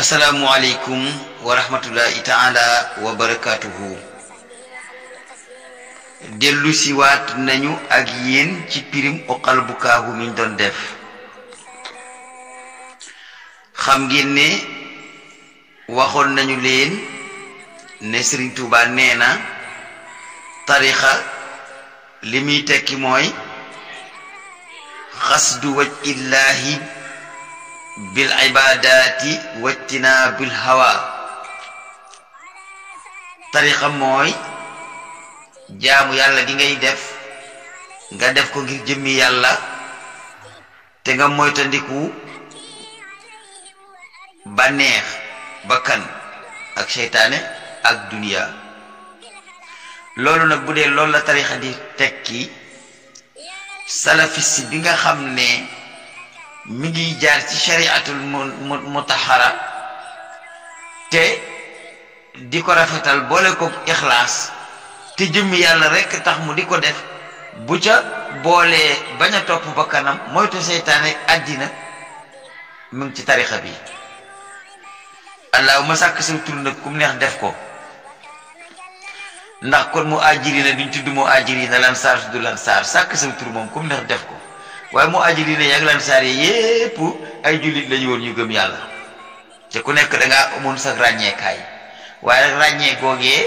asalaamualeykum wa rahmatullahi taala wa barakaatuhu dellu si waat nañu ak yéen ci pirim oqal bukaahu mi ñu doon def xam ngeen ne waxoon nañu leen ne Serigne Touba nee na tarixa li muy tekki mooy xasdu waj illaahi bil ibadaati wactinaa bil hawa tarixa mooy jaamu yàlla gi ngay def nga def ko ngir jëmmi yàlla te nga moytandiku bànneex bakkan ak seytaane ak duniya loolu nag bu dee loolu la tarixa di tekki salafis bi nga xam ne mu ngi jaar ci shari'atul mu mutahara te di ko rafetal boole ko ixlaas te jëmmi yàlla rekk tax mu di ko def bu ca boolee bañ a topp ba kanam moytu seytaane àddina mu ngi ci tarixa bi allahuma sàkk sa tur nag kum neex def ko ndax kon mu ajiri na duñ tudd mu ajiri na lan saar du lan saar sàkk sa tur moom kum neex def ko waaye mu ajirina yi ak saar yi yépp ay jullit lañu woon ñu gëm yàlla te ku nekk da ngaa amoon sax ràññeekaay waaye nag ràññee googee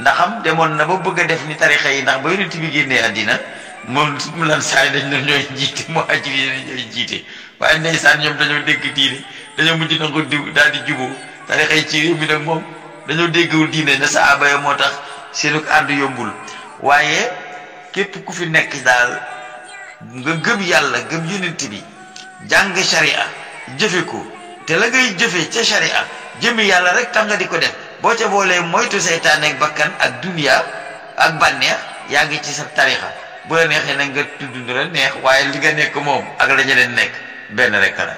ndaxam demoon na ba bëgg a def ni tarixa yi ndax ba yonent bi génnee àddina moom mu lansaar yi dañ na ñooy jiite mu ajirina ñooy jiite waaye ñoom dañoo dégg diine dañoo di nangu diw daal di juboo tarixa yi ci réew mi nag moom dañoo déggul diine na saaba ya moo tax seenu ànd yombul waaye képp ku fi nekk daal nga gëm yàlla gëm yonent bi jàng sharia jëfe ko te la ngay jëfe ca sharia jëm yàlla rek tax nga di ko def boo ca boolee moytu seytaane ak bakkan ak dunia ak bànneex yaa ngi ci sa tarixa bu la neexee nag nga tudd nu la neex waaye li nga nekk moom ak la leen nekk benn rek la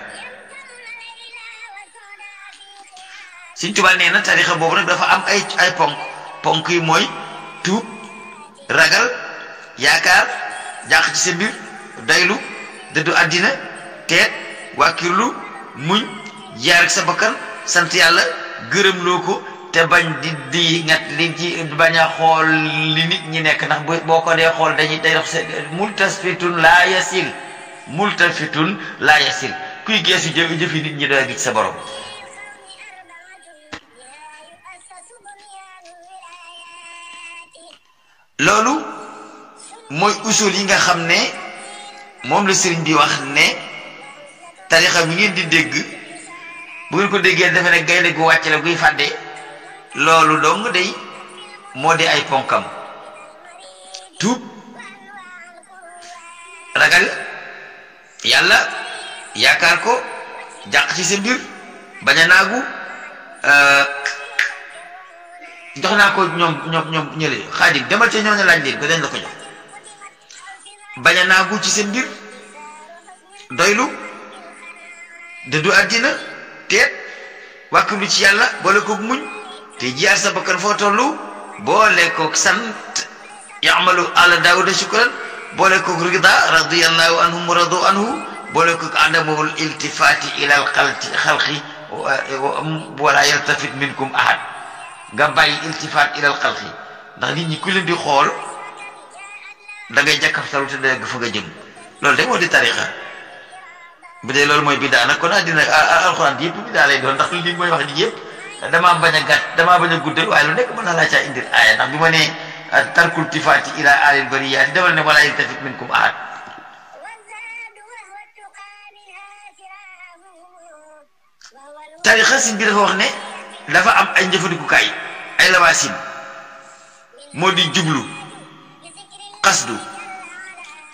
Sëñ Tuubaa nee na tarixa boobu nag dafa am ay ay ponk ponk yi mooy tuub ragal yaakaar jàq ci sa mbir daylu dëddu àddina teet waakirlu muñ jaar sa bakkan sant yàlla gërëmloo ko te bañ di di ngat bañ a xool li nit ñi nekk ndax boo ko dee xool dañuy day dox multasfitun laa yasil multasfitun laa yasil kuy geesu jëf jëfi nit ñi doo gis sa borom loolu mooy usul yi nga xam ne moom la sëriñ bi wax ne tarixa bi di dégg bu ngeen ko déggee defe ne gaynde gu wàcc la guy fàdde loolu dong day moo di ay ponkam tuub ragal yàlla yaakaar ko jàq ci sa mbir bañ a naagu euh, jox naa ko ñoom ñoom ñële xaadim demal ca ñoo ne laaj leen ko dañ la ko jox bañ a naagu ci seen mbir doylu dëddu àddina teet wàkkulu ci yàlla boole koog muñ te jiyaar sa foo toll boole koog sant yamalu ala daawuda shukran boole koog rida radiallahu anhum radu anhu boole koog adamul iltifaati ilal xalti xalqi yaltafit minkum ahad nga bàyyi iltifaat ilal xalqi ndax nit ñi ku leen di xool da ngay jàkkaftalu te dégg fa nga jëm loolu de moo di tariqa bu de loolu moy bida nak kon alquran alxuraan bi da lay doon ndax li moy wax ni yëpp dama baña gat dama baña bañ a guddal waaye lu nek man la ca indir aya aaya ndax bi ma tarkul tifati ila alil bariyaati dawal ne wala yaltafit minkum ahad tariqa sin bi dafa wax ne dafa am ay kay ay lawasin modi jublu qasdu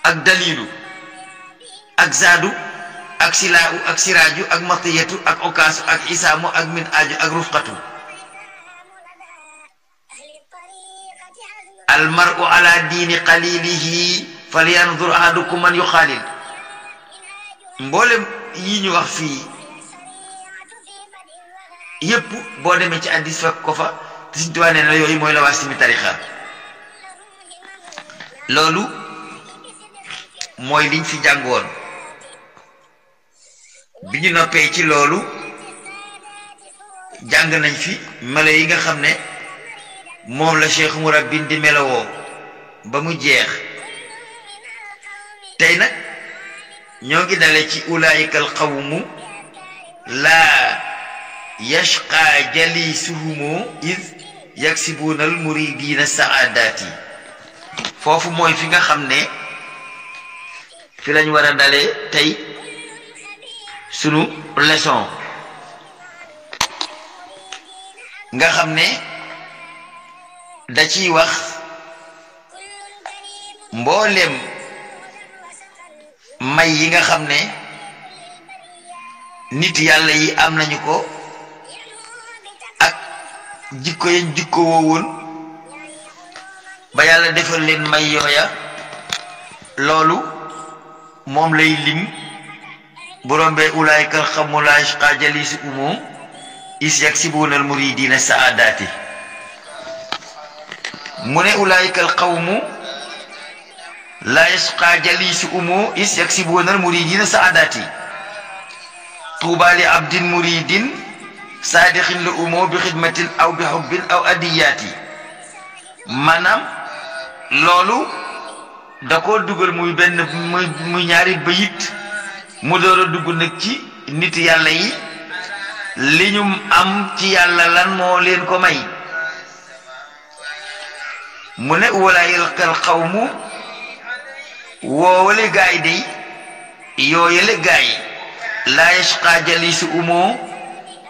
ak dalilu ak zaadu ak silaahu ak siraaju ak matiyatu ak okaasu ak isaamu ak min aaju ak rufqatu almaru ala diini qalilihi falyanzur ahadukum man yuxaalil mboolem yi ñu wax fii yépp boo demee ci addis fekk ko fa te Sëriñ Tuubaa nee yooyu mooy la waa simi tarixa loolu mooy liñ fi jàngoon bi ñu noppee ci loolu jàng nañ fi mala yi nga xam ne moom la Cheikh Mourabin di melowoo ba mu jeex tey nag ñoo ngi dale ci ulaayika alqawmu laa yashqa jalisuhumu iz yaksibuuna almuridiina saadaati foofu mooy fi nga xam ne fi lañ war a dalee tey sunu leson nga xam ne da ciy wax mboolem may yi nga xam ne nit yàlla yi am nañu ko ak jikko yañ jikko woo ba yàlla defal leen may yooya loolu moom lay lim borom bee ulaay kal xamulaay xaajalisi umoo is yag si buunal muridiina saadaati mu ne ulaay kal xawmu su yasqa jalisi umoo is yag si buunal muridiina saadaati tuubaali abdin muridin saadixin la umoo bi xidmatin aw bi xubbin aw adiyaati maanaam loolu da koo dugal muy benn muy muy ñaari bayit mu door dugg nag ci nit yàlla yi li ñu am ci yàlla lan moo leen ko may mu ne walaayil xel xawmu woowale gaay day yooyale gaay laa yashqa jalisi umoo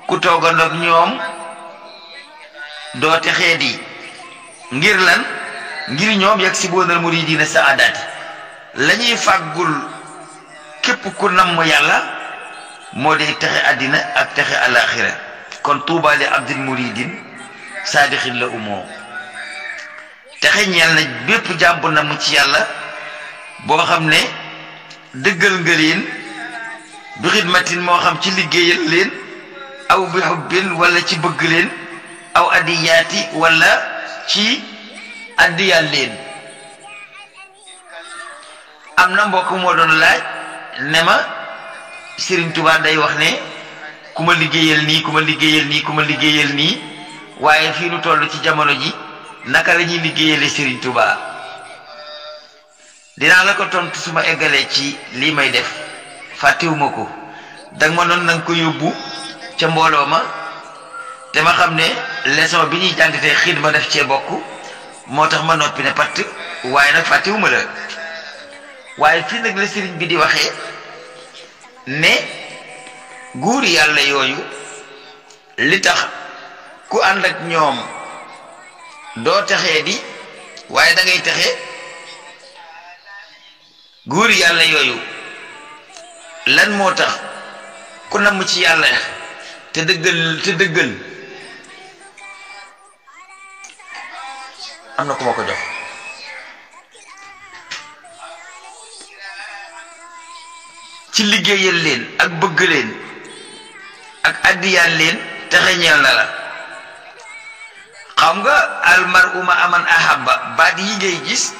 ku toogandoog ñoom doo texee di ngir lan ngir ñoom yegg si boonal muridiina sa àddaati la ñuy fàggul képp ku namm yàlla moo dee texe àddina ak texe alaaxira kon tuubaale abdil muridin saadixin la umoo texe ñeel na bépp jàmb namm ci yàlla boo xam ne dëggal nga leen bi xidmatin moo xam ci liggéeyal leen aw bi xubbin wala ci bëgg leen aw adiyaati wala ci addiyal leen am na mbokk moo doon laaj ne ma Serigne Touba day wax ne ku ma liggéeyal nii ku ma liggéeyal nii ku ma liggéeyal nii waaye fii nu toll ci jamono ji naka la ñuy liggéeyale Serigne Touba dinaa la ko tontu su ma eggalee ci lii may def fàttewuma ko danga ma noon nanga ko yóbbu ca mbooloo ma te ma xam ne leçon bi ñuy jàng te ma def cee bokk moo tax ma noppi ne patt waaye nag fàttewuma la waaye fii nag la sëriñ bi di waxee ne guur yàlla yooyu li tax ku ànd ak ñoom doo texee di waaye dangay ngay texee guur yàlla yooyu lan moo tax ku namm ci yàlla te dëggal te dëggal am na ku ma ko jox ci liggéeyal leen ak bëgg leen ak addiyaan leen te xeñeel na xam nga almar uma ahaba baat yi ngay gis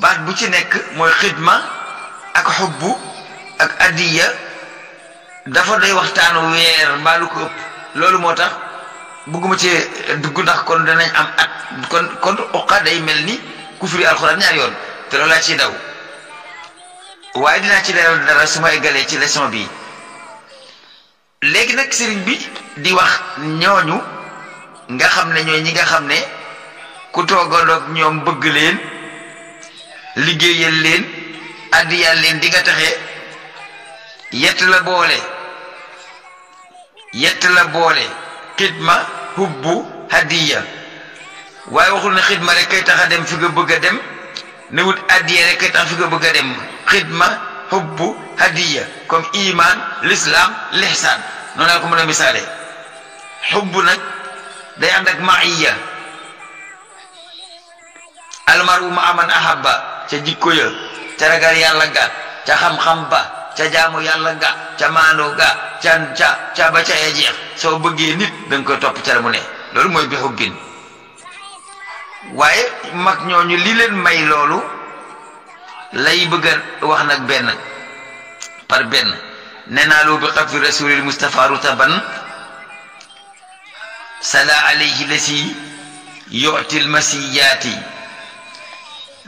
baat bu ci nekk mooy xidma ak xubbu ak addiya dafa doy waxtaanu weer mbaa ko ëpp loolu moo tax bugguma ci dugg ndax kon danañ am at kon kon uqa day mel ni ku firi alxuraan ñaar yoon te loolu laa ciy daw waaye dinaa ci leeral dara su ma eggalee ci leçon bii léegi nag sëriñ bi di wax ñooñu nga xam ne ñooy ñi nga xam ne ku toogandoog ñoom bëgg leen liggéeyal leen addiyal leen di nga taxe yett la boole yett la boole xidma hubbu hadiya waaye waxul ne xidma rek kay tax dem fi nga bëgg dem ne wut addiya rek kay tax fi nga bëgg dem xidma hubbu hadiya comme iman l'islam l'ihsan noonu laa ko mën a misaale hubbu nag day ànd ak maiya almaru ma aman ahabba ca jikko ya ca ragal yàlla ga ca xam-xam ba ca yang lengkap cemano ca maandu nga ca ca ca ba ca ya jeex soo bëggee nit danga koy topp ca la mu ne loolu mooy bi li leen lay wax par ben. nena naa loo bi xabri rasulil Mustafa rutaban sala alayhi lesi, yu'til masiyati.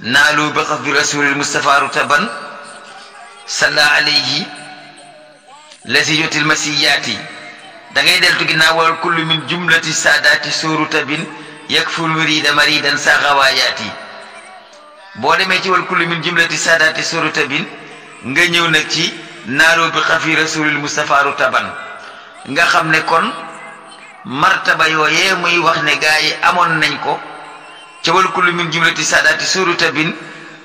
Nalu bi xabri rasulil mustapha rutaban salla alayhi lazi yotil masiyaati da ngay deltu ginnaaw wal kullu min jumlati saadaati surutabin yakful murida maridan sa xawaayaati boo demee ci wal kullu min jumlati saadaati surutabin nga ñëw nag ci naaloo bi nga xam ne kon martaba yooyee muy wax ne gaa yi amoon nañ ko ca wal kullu min jumlati saadaati surutabin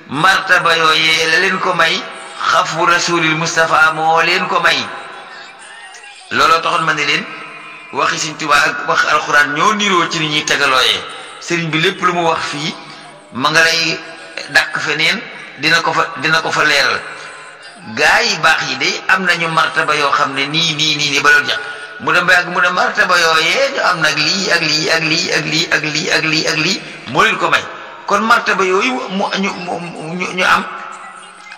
martaba yooyee la leen ko may khafu rasulil Mustafa mo len ko may lolo taxon man len waxi Sëriñ Tuubaa ak wax alquran ñoo niro ci ni ñuy tegalooyee sëriñ bi lepp lu mu wax fi ma nga lay dak fenen dina ko fa dina ko fa leral gaay bax yi de am nañu martaba yo xamne ni ni ni ni ba mu dem ak mu dem martaba ye ñu am nak li ak li ak li ak li ak li ak li ak li mo leen ko may kon martaba yooyu mu ñu ñu am.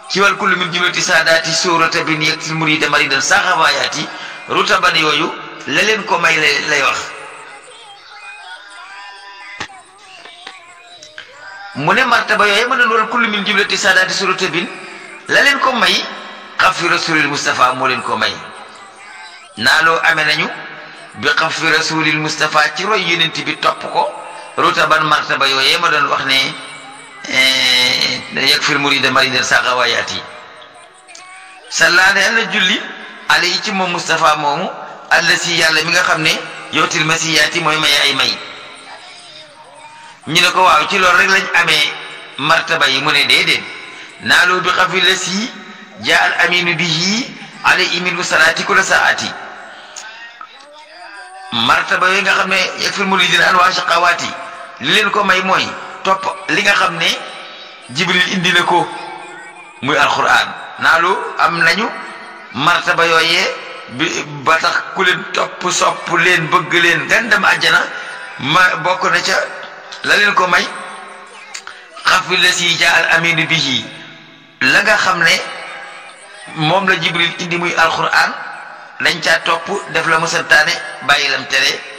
ci wal kullu min jumlati saadaati suurata bin yektil murida maridan saxawaayaati rutaban yooyu la leen ko may lay wax mu ne martaba yooyu mën a wal kullu min jumlati saadaati suurata bin la leen ko may xafi rasulil mustafa moo leen ko may naaloo amee nañu bi xafi rasulil Moustapha ci roy yonent bi topp ko rutaban martaba yooyu ma doon wax ne. Eh, eh, yakfir murida marida saqawayaat yi sallaane yàlla julli ale yi ci moom Moustapha moomu àll si yàlla mi nga xam ne yowtil masiyaat yi mooy maye ay may ñu ne ko waaw ci loolu rek lañ ame martaba yi mu ne déedéet naaloo bi xafi la si jaa al aminu bihi ale iminu salaati kula saati martaba yooyu nga xam ne yakfir muridin an waa shaqawaati li leen ko may mooy topp li nga xam ni jibril indi na ko muy alquran naalu am nañu martaba yooyee bi ba tax ku leen topp sopp leen bëgg leen gan dem àjjana ma bokk na ca la leen ko may xafi la si ja al aminu bihi la nga xam ne moom la jibril indi muy alquran dañ caa topp def la mu bàyyi lam tere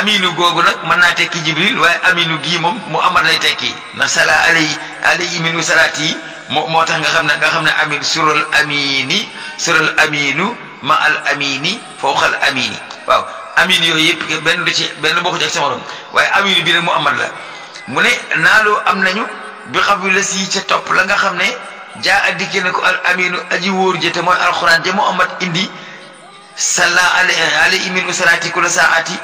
aminu googu nag mën naa tekki jibril waaye aminu gii moom muhammad lay tekki na sala alay alay minu salaat yi moo moo tax nga xam ne nga xam ne amin sural amini sural aminu ma al amini foo al amini waaw amin yooyu yëpp benn du ci benn ak sama waaye aminu bi nag muhammad la mu ne naaloo am nañu bi xam yu la sii ca topp la nga xam ne jaa a dikkee na ko al aminu aji wóor jëte mooy alxuraan ja muhammad indi sala alay alay minu salaati kula saati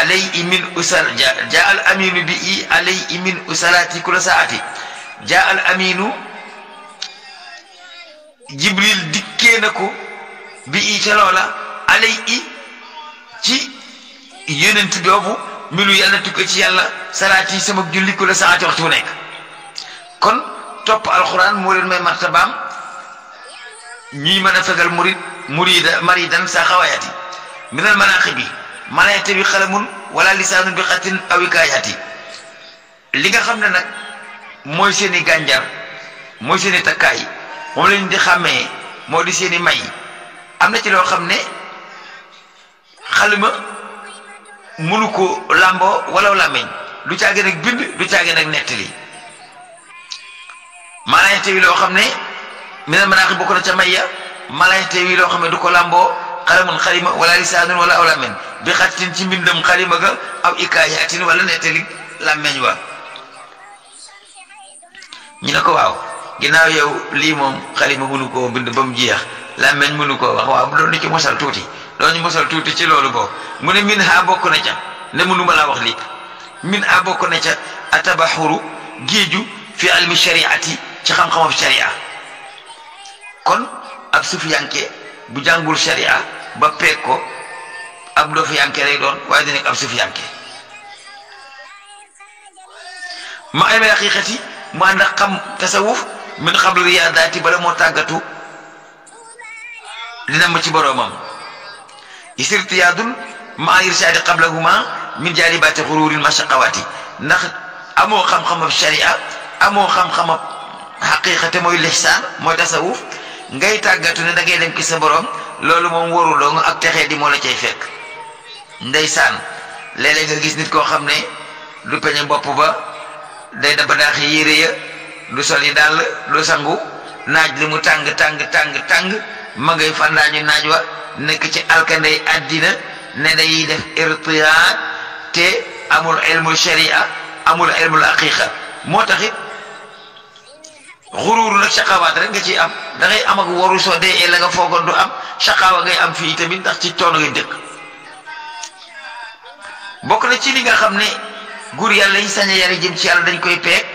alayhi min usal jaa al aminu bii alayhi min usalaati kula saati jaa al aminu jibril dikkee na ko bii ca loola alayhi ci yonent boobu minu yàlla tukko ci yàlla salaati sama julli kula saati waxtu bu nekk kon topp alxuraan moo leen may martabaam ñuy mën a fegal murid murida maridan sa xawaayati minal manaaxibi maa yate bi xalamun wala lisaanu bi xatin awi kaayati li nga xam ne nag mooy seen i gànjar mooy seen i takkaay moom lañ di xàmmee moo di seeni may am na ci loo xam ne xalima mënu ko làmboo wala làmmiñ du caage nag bind du caage nag nettali maa yate bi loo xam ne mi ne manaax bokk na ca may ya maa yate bi loo xam ne du ko làmboo xalamun xalima wala lisaanun wala aw làmmeñ bi xattin ci mbindam xalima ga aw ikaayatin wala nettali làmmeñ wa ñu ne ko waaw ginnaaw yow lii moom xalima mënu koo bind ba mu jeex làmmeñ mënu koo wax waaw doon na ci mosal tuuti doon ñu mosal tuuti ci loolu boobu mu ne min ha bokk na ca ne mënu ma wax lii min ha bokk na ca atabaxuru géeju fi almi shariati ci xam-xamam sharia kon ab sufiyanke bu jàngul sharia ba peeg ko ab dofiyanke lay doon waaye dina ab sufiyanke ma ay mel xaqiiqati mu ànd xam tasawuf min xabl riyaadaati bala moo tàggatu dina ma ci boroomam isirtiyaadul ma irsaadi qablahuma min jaalibaati xuruuril mashaqawaati ndax amoo xam-xamab sharia amoo xam-xamab xaqiiqate mooy lixsaan mooy tasawuf ngay tàggatu ne da ngay dem ci sa borom loolu moom waruloo nga ak texee di moo la cay fekk ndeysaan léeg-léeg nga gis nit koo xam ne du peñe bopp ba day da ba daax yére ya du yi dàll du sangu naaj li mu tàng tàng tàng tàng ma ngay fandaañu naaj wa nekk ci alkanday àddina ne day def irtiyaat te amul ilmul sharia amul ilmul aqiqa moo taxit xuruur nag saqaawaat rek nga ci am da ngay am ak waru soo dee la nga foogoon du am saqaawa ngay am fii tamit ndax ci coono ngay dëkk bokk na ci li nga xam ne guur yàlla yi sañ a yare jëm ci yàlla dañ koy peeg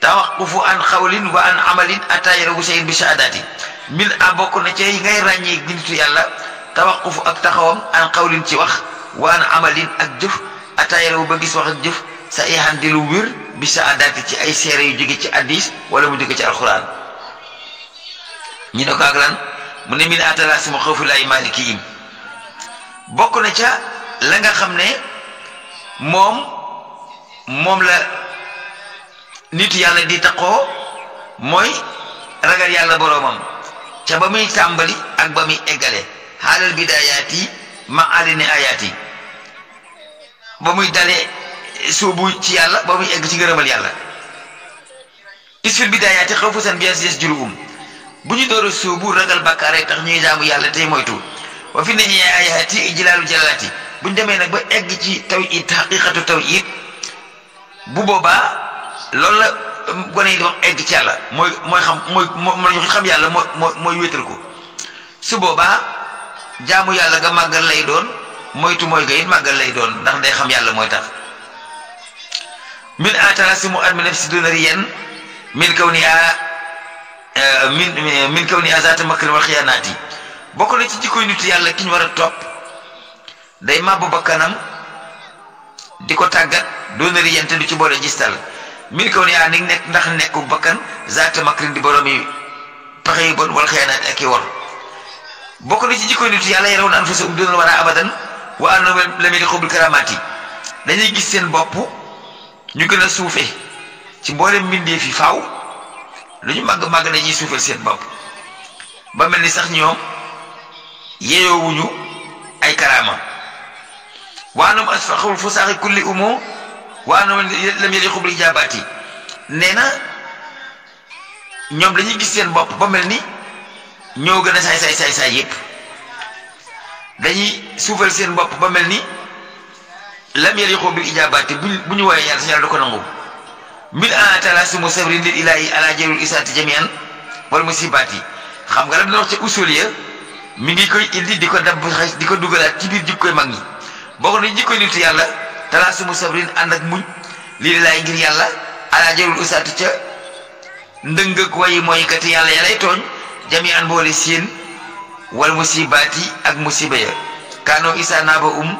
tawaqufu an xawlin wa an amalin attaayara wu sayin bi saadaati min a bokk na ci ngay ràññee nitu yàlla tawaqufu ak taxawam an xawlin ci wax wa an amalin ak jëf attaayara wu ba gis wax ak jëf sa ihan di lu wér bi saadaati ci ay seere yu jóge ci addis wala mu jóge ci alxuraan ñu ne ko ak lan mu ne min atalaasi ma xawfi laay bokk na ca la nga xam ne moom moom la nit yàlla di taqoo mooy ragal yàlla boroomam ca ba muy tàmbali ak ba muy eggale xaalal bidaayaati ma alini ayaati ba muy dalee sóobu ci yàlla ba muy egg ci ngërëmal yàlla isfil bidaayaati xaw fa seen bias yes juluum bu ñu door a sóobu ragal bàkkaare tax ñuy jaamu yàlla tey moytu wa fi nañu ayaati jilaalu jalaati bu ñu demee nag ba egg ci taw it xaqiqatu taw it bu boobaa loolu la um, gone yi di wax egg ci yàlla mooy mooy xam mooy mooy xam yàlla mooy mooy wéetal ko su boobaa jaamu yàlla ga màggal lay doon moytu mooy ga it màggal lay doon ndax day xam yàlla mooy tax min atasimu an bi nafsi duna riyan min kaw ni a e, min kaw ni azata makrin wa xiyaanaati bokk na ci jikkoy nit yàlla ki ñu war a topp day màbbu bakkanam di ko tàggat duna riyan te du ci boole gistal min kaw ni a ni nekk ndax nekku bakkan zaata makrin di borom yi pexe yi bon wal xiyaanaati ak i wor bokk na ci jikkoy nit yàlla yarawna anfusahum duna war a abadan wa annahum lam yaliqu bil dañuy gis seen bopp ñu gën a suufee ci mboolem mbindee fi faaw lu ñu màgg màgg dañuy suufeel seen bopp ba mel ni sax ñoom yeyoowuñu ay karaama waanam asfaxul fu saaxi kulli umo waanam lam yeli nee na ñoom dañuy gis seen bopp ba mel ni ñoo gën a saay saay saay saay yépp dañuy suufal seen bopp ba mel ni lam yaliqu bil ijabaati bu ñu woowee ñaan si yàlla du ko nangu min an talaasumu sabrin lil ilaahi ala jarul isaati jamian wal musibaati xam nga la dina wax ca usul ya mi ngi koy indi di ko dab di ko dugalaat ci biir jikkoy mag ñi bokk na jikkoy nit yàlla talaasumu sabrin ànd ak muñ lil ilaahi ngir yàlla ala jarul ca ndëng ak wayi mooy kat yàlla ya lay tooñ jamian boole seen wal musibaati ak musiba ya kaanoo isaa naaba um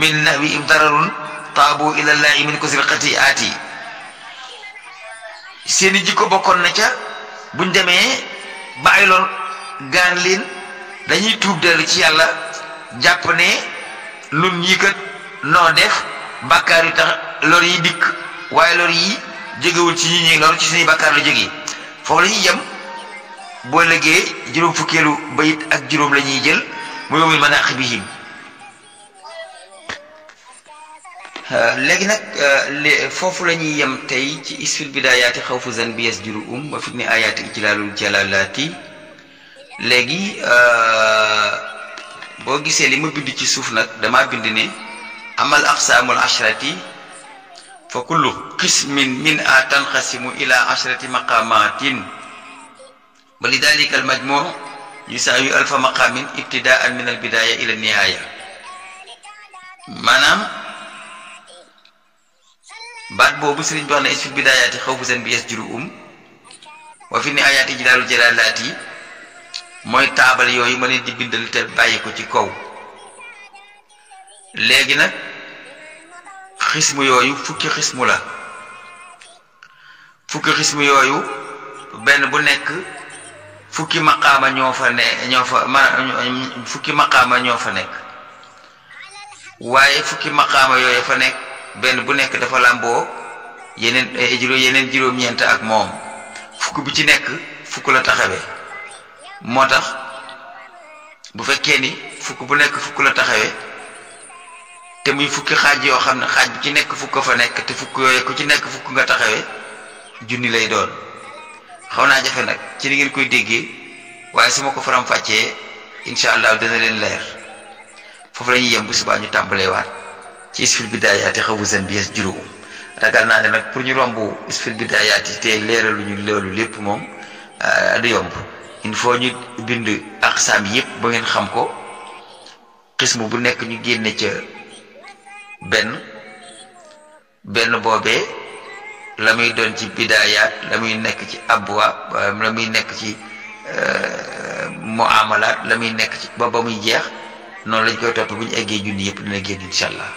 min nahwihim dararun taabu ilallahi min kusri xatiaati seeni jikko bokkoon na ca buñ demee ba ay lor gaan leen dañuy tuub dellu ci yàlla jàpp ne nun yi kat noo def bàkkaar yu tax lor yi dikk waaye lor yi jegewul ci ñi ñi lor ci suñuy bàkkaar la jógee foofu la ñuy yem boo légee juróom fukkeelu bayit ak juróom la ñuy jël mu yowmul manaqibihim Euh, léegi nag euh, l foofu la ñuy yem tey ci isfil bidayaati xaw fu zan bi yes juru um ba fit ni ayaati ijlalul jalalaati léegi euh, boo gisee li ma bind ci suuf nag dama bind ne amal aqsaamul ashrati fa kullu qismin min a tanqasimu ila ashrati maqamatin wa lidalika al majmuu yusaawi alfa maqamin ibtidaan min al bidaya ila nihaaya maanaam baat boobu sëriñ bi wax na is fi bidaayaati xaw fu seen bi yes juru um wa fi ni ayaati ji daalu jëlaalaat yi mooy taabal yooyu ma leen di bindal te bàyyi ko ci kaw léegi nag xismu yooyu fukki xismu la fukki xismu yooyu benn bu nekk fukki maqaama ñoo ñoo fa nekk waaye fukki maqaama yooyu fa nekk benn bu nekk dafa làmboo yeneen eh, juróom yeneen juróom-ñeent ak moom fukk bu ci nekk fukk la taxawe moo tax bu fekkee ni fukk bu nekk fukk la taxawee te muy fukki xaaj yoo xam ne xaaj bu ci nekk fukk fa nekk fukk ku ci nekk fukk nga taxawee junni lay doon xaw naa jafe nag ci ni ngeen koy déggee waaye su ma ko faram fàccee incha allah dina leen leer foofu la ñu yem bu subaa ñu tàmbalewaat ci isfil bidaayaati xawu seen bies juróom ragal naa ne nag pour ñu romb isfil bidaayaati te leeralu ñu loolu lépp moom ah, du yomb il faut ñu bind aqsaam yëpp ba ngeen xam ko xismu bu nekk ñu génne ca benn benn boobee la muy doon ci bidaayaat la muy nekk ci abwaab ah, la muy nekk ci ah, muamalaat la muy nekk ci ba ba muy jeex noonu lañ koy topp bu ñu eggee junni yëpp dina génn incha allah